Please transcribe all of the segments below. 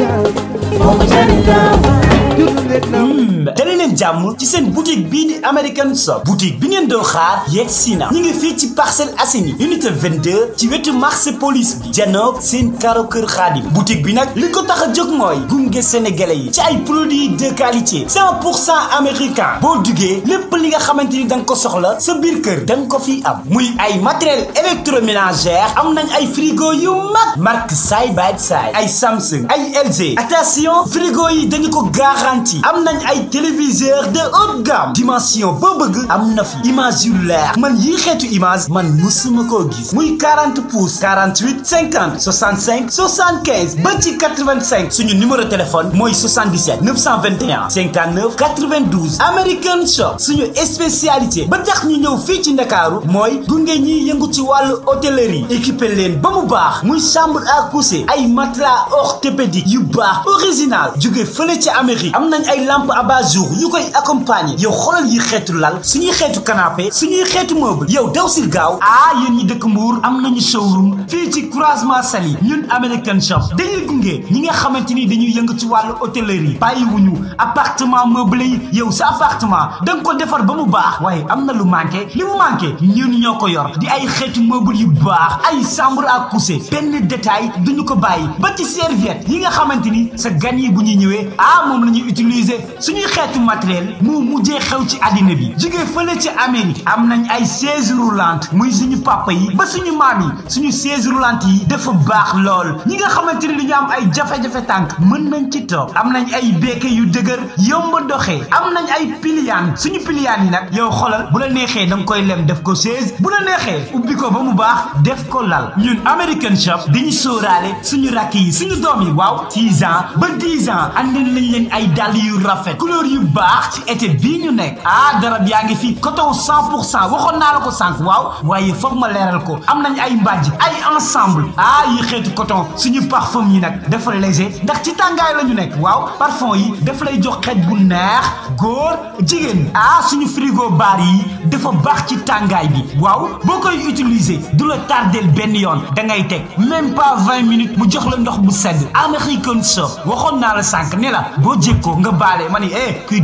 Jaringa, Bongo Jaringa, leen jàmm ci seen boutique bii di American Shop boutique bi ngeen doon xaar yegg si na ngi fii ci Parcelles Assainies unité 22 ci wetu marché police bi janoog seen karo kër Xaadim boutique bi nag li ko tax a jóg mooy gunge sénégalais yi ci ay produits de qualité 100 pour cent américain boo duggee lépp li nga xamante ni da ko soxla sa biir kër da ko fi am muy ay matériel électroménager am nañ ay frigo yu mag marque say by side ay Samsung ay LG attention frigo yi dañu ko garanti téléviseur de haute gamme dimension boo bëgg am na fi image yu leer man yii xeetu image man musuma koo gis muy 40 pouces 48 50 65 75 ba ci 85 suñu numéro téléphone mooy 77 921 59 92 American Shop suñu spécialité ba tax ñu ñëw fii ci Ndakaaru mooy gunge ñiy yëngu ci wàllu hôtellerie équipé leen ba mu baax muy chambre à coucher ay matelas orthopédique yu baax original jóge fële ci Amérique am nañ ay lampe abat-jour ñu koy accompagner yow xoolal yi xeetu lal suñuy xeetu canapé suñuy xeetu meuble yow daw si gaaw ah yéen ñi dëkk Mbour am nañu showroom fii ci croisement Saly ñun American Shop dañuy gunge ñi nga xamante ni dañuy yëngu ci wàllu hôtellerie bàyyiwuñu appartement meublé yi yow sa appartement da nga ko defar ba mu baax waaye am na lu manqué li mu manqué ñun ñoo ko yor di ay xeetu meuble yu baax ay chambre à coucher benn détail duñu ko bàyyi ba ci serviette yi nga xamante ni sa gan yi bu ñuy ñëwee ah moom la ñuy utiliser suñuy xeetu matériel moo mujjee xew ci àddina bi jógee la ci Amérique am nañ ay chaise lant muy suñu papa yi ba suñu maam yi suñu chaise roulante yi dafa baax lool ñi nga xamante ni ñu am ay jafe tànk mën nañ ci toog am nañ ay béke yu dëgër yomb doxee am nañ ay piliyaan suñu piliyaan yi yow xoolal bu la neexee da nga koy lem def ko chaise bu la neexee ubbi ko ba mu baax def ko lal ñun American Shop dañu sóoraale suñu rakk yi suñu doom yi waaw six ans ba dix ans andil nañ leen ay dàll yu rafet couleur yu baax ci été bii ñu nekk ah darab yaa ngi fii coton cent pour cent waxoon naa la ko sànq waaw waaye foog ma leeral ko am nañ ay mbàjj ay ensemble ah yi xeetu coton suñu parfum yi nag dafa léger ndax ci tàngaay la ñu nekk waaw parfum yi daf lay jox xeet bu neex góor jigéen ah suñu frigo baar yi dafa baax ci tàngaay bi waaw boo koy utiliser du la tardeel benn yoon da ngay teg même pas vingt minutes mu jox la ndox bu sedd American soap waxoon naa la sànq ne boo jékkoo nga baale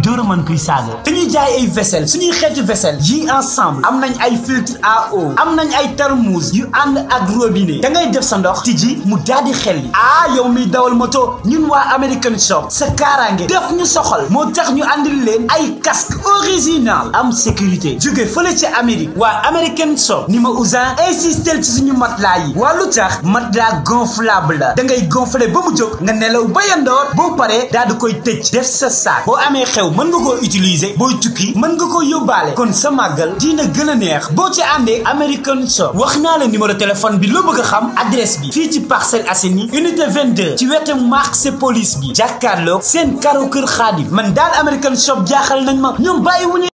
dërëman kuy saaga dañuy jaay ay vessel suñuy xeetu vaisselle yi ensemble am nañ ay filtre à eau am nañ ay tarmuus yu ànd ak robinet da ngay def sa ndox tijji mu daldi xel yi ah yow miy dawal moto ñun waa American shop sa kaaraange def ñu soxal moo tax ñu àndil leen ay casque original am sécurité jóge fële ci Amérique waa American shop ni ma usan insistel ci suñu matelas yi waa lu tax matelas gonflable la da ngay gonfler ba mu jóg nga nelaw ba yandoor boo paree daal di koy tëj def sa saak boo amee xew mën nga ko utiliser booy tukki mën nga ko yóbbaale kon sa màggal dina gën a neex boo ci àndee American Shop wax naa la numéro téléphone bi loo bëgg a xam adresse bi fii ci Parcelles Assainies unité 22 ci wetu marché police bi jàkkaarloog seen karo kër Xaadim man daal American Shop jaaxal nañ ma ñoom bàyyi wuñu